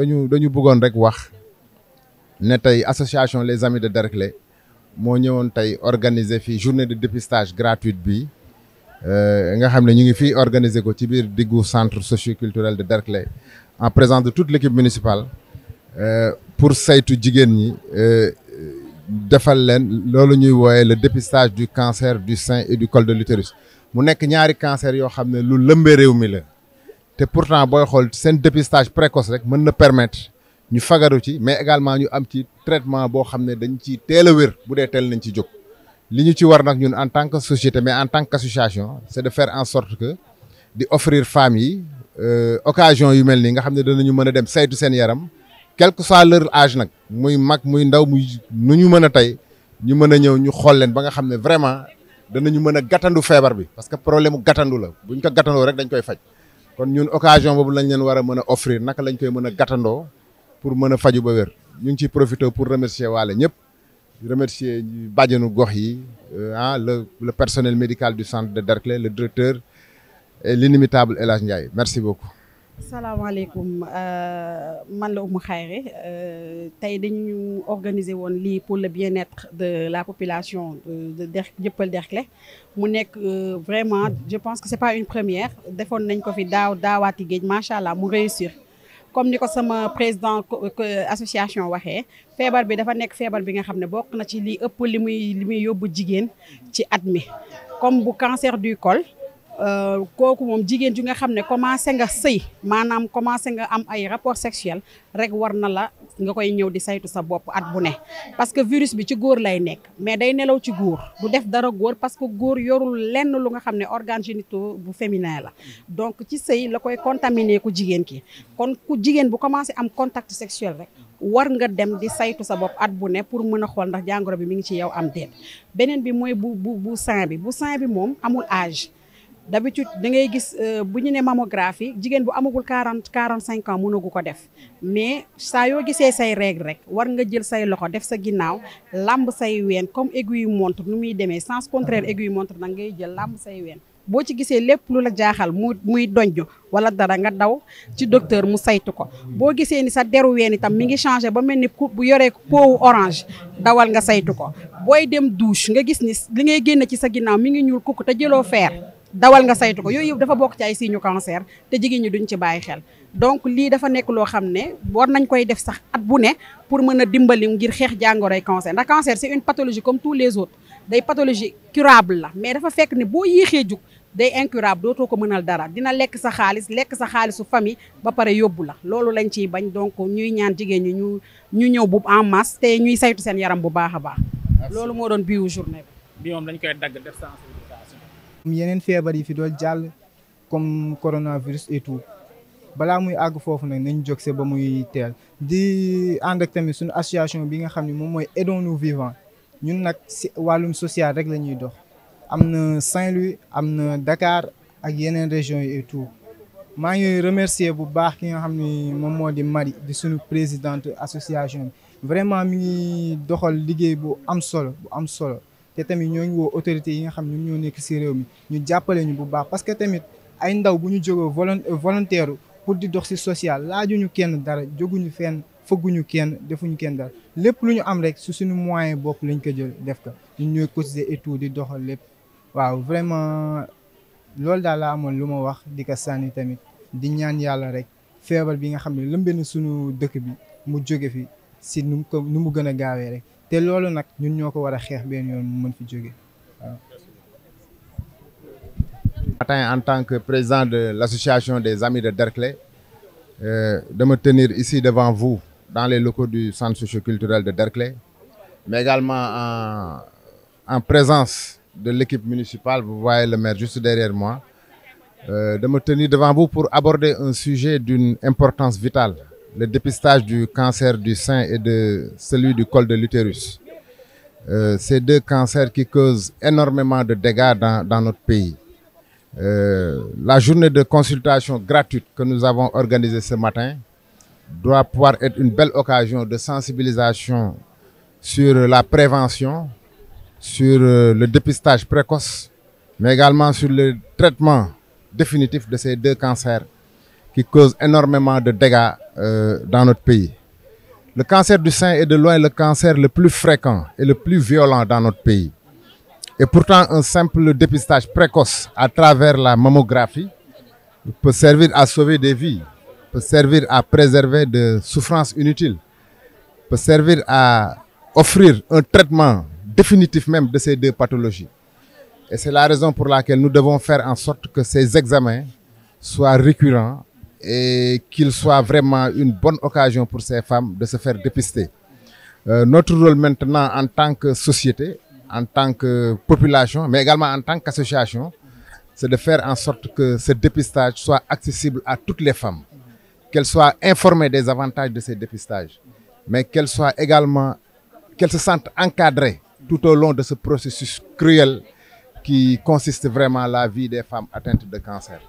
dañu dañu bëggoon rek wax ne tey association les amis de Derklé moo ñëwoon tey organiser fii journée de dépistage gratuite bi euh, nga xam ne ñu ngi fii organiser ko ci biir diggu centre socioculturel de Derklé en présence de toute l'équipe municipale euh, pour saytu jigéen ñi euh, defal leen loolu ñuy wooye le dépistage du cancer du sein et du col de l'utérus mu nekk ñaari cancer yoo xam ne lu lëmbee réew mi la te pourtant booy xool seen dépistage précoce rek mën na permettre ñu fagaru ci mais également ñu am ci traitement boo xam ne dañ ci teel a wér bu dee teel nañ ci jóg li ñu ci war nag ñun en tant que société mais en tant qu'association c'est de faire en sorte que di offrir femmes yi euh, occasion yu mel nii nga xam ne danañu mën a dem saytu seen yaram quel que soit leur âge nag muy mag muy ndaw mu nu ñu mën a tey ñu mën a ñëw ñu xool leen ba nga xam ne vraiment danañu mën a gàttandu feebar bi parce que problème gàttandu la buñ ko gàttandoo rek dañ koy faj kon ñun occasion boobu lañ leen war a mën a offrir naka lañ koy mën a gàttandoo pour mën a faju ba wér ñu ngi ciy profité pour remercier waale ñëpp remercier bàjjenu gox yi euh, ah le le personnel médical du centre de Derklé le directeur et l'inimitable El Hadj merci beaucoup salaamaaleykum euh, man la Oumou Khayri euh, tey dañu organiser woon lii pour le bien-être de la population de de Dieuppeul Derklé mu nekk euh, vraiment je pense que c'est pas une première defoon nañ ko fi daaw daawaati géej macha allah mu réussir. comme ni ko sama président association waxee feebar bi dafa nekk feebar bi nga xam ne bokk na ci li ëpp li muy li muy yóbbu jigéen ci at mi comme bu cancer du col. Euh, kooku moom jigéen ju nga xam ne commencé nga sëy maanaam commencé nga am ay rapport sexuel rek war na la nga koy ñëw di saytu sa bopp at bu ne parce que virus bi ci góor lay nekk mais day nelaw ci góor du def dara góor parce que góor yorul lenn lu nga xam ne organe génitaux bu féminin la donc ci sëy la koy contaminer ku jigéen ki kon ku jigéen bu commencé am contact sexuel rek war nga dem di saytu sa bopp at bu ne pour mën a xool ndax jàngoro bi mi ngi ci yow am déet beneen bi mooy bu bu bu sein bi bu sein bi moom amul âge da d'habitude da ngay gis euh, bu ñu ne mammographie jigéen bu amagul quarante quarante cinq ans mënagu ko def mais saa yoo gisee say règle rek war nga jël say loxo def sa ginnaaw làmb say ween comme aiguille montre nu muy demee sens contraire ah. aiguille montre da ngay jël làmb say ween boo ci gisee lépp lu la jaaxal mu muy donj wala dara nga daw ci docteur mu saytu ko boo gisee ni sa deru ween itam mi ngi changé ba mel ni ku bu yoree powu orange dawal nga saytu ko booy dem douche nga gis ni li ngay génn ci sa ginnaaw mi ngi ñuul kukk te jëloo feer dawal nga saytu ko yooyu yëpp dafa bokk ci ay signe cancer te jigéen ñi duñ ci bàyyi xel donc lii dafa nekk loo xam ne war nañ koy def sax at bu ne pour mën a dimbali ngir xeex jàngoroy cancer ndax cancer c'est une pathologie comme tous les autres day pathologie curable la mais dafa fekk ne boo yéexee jug day incurable dootoo ko mënal dara dina lekk sa xaalis lekk sa xaalisu famille ba pare yóbbu la loolu lañ ciy bañ donc ñuy ñaan jigéen ñi ñu ñu ñëw bu en masse ñuy saytu seen yaram bu baax a baax loolu moo doon biiwu journée bi bi moom dañ koy yeneen feebar yi fi doon jàll comme coronavirus et tout balaa muy àgg foofu nag nañ jóg se ba muy teel di ànd tamit suñu association bi nga xam ne moom mooy aidons-nous vivants ñun nag si wàllum social rek lañuy dox am na Saint-Louis am na dakaar ak yeneen régions yi et maa ngi remercier bu baax ki nga xam ne moom moo di Marie di suñu présidente association bi vraiment mi ngi doxal liggéey bu am solo bu am solo te tamit ñoo ngi woo autorités yi nga xam ne ñoo nekk si réew mi ñu jàppale ñu bu baax parce que tamit ay ndaw bu ñu jógoo volontaire pour di dox si social laajuñu kenn dara jóguñu fenn fëgguñu kenn defuñu kenn dara lépp lu ñu am rek su suñu moyen bokk lañ ko jël def ko ñu ñëw cotiser et tout di doxal lépp waaw vraiment loolu daal laa amoon lu ma wax di ko sànni tamit di ñaan yàlla rek feebar bi nga xam ne lëmbe na suñu dëkk bi mu jóge fi si nu mu ko nu mu gën a gaawee rek te loolu nag ñun ñoo ko war a xeex benn yoon mu mën fi jóge waaw. matin en tant que président de l'association des amis de Derklé euh, de me tenir ici devant vous dans les locaux du centre socioculturel de Derklé mais également en en présence de l'équipe municipale vous voyez le maire juste derrière moi euh, de me tenir devant vous pour aborder un sujet d'une importance vitale le dépistage du cancer du sein et de celui du col de l'utérus. Euh, ces deux cancers qui causent énormément de dégâts dans, dans notre pays. Euh, la journée de consultation gratuite que nous avons organisée ce matin doit pouvoir être une belle occasion de sensibilisation sur la prévention, sur euh, le dépistage précoce, mais également sur le traitement définitif de ces deux cancers qui cause énormément de dégâts euh, dans notre pays. Le cancer du sein est de loin le cancer le plus fréquent et le plus violent dans notre pays. Et pourtant, un simple dépistage précoce à travers la mammographie peut servir à sauver des vies, peut servir à préserver de souffrances inutiles, peut servir à offrir un traitement définitif même de ces deux pathologies. Et c'est la raison pour laquelle nous devons faire en sorte que ces examens soient récurrents et qu'il soit vraiment une bonne occasion pour ces femmes de se faire dépister. Euh, notre rôle maintenant en tant que société, en tant que population, mais également en tant qu'association, c'est de faire en sorte que ce dépistage soit accessible à toutes les femmes, qu'elles soient informées des avantages de ces dépistages, mais qu'elles soient également, qu'elles se sentent encadrées tout au long de ce processus cruel qui consiste vraiment la vie des femmes atteintes de cancer.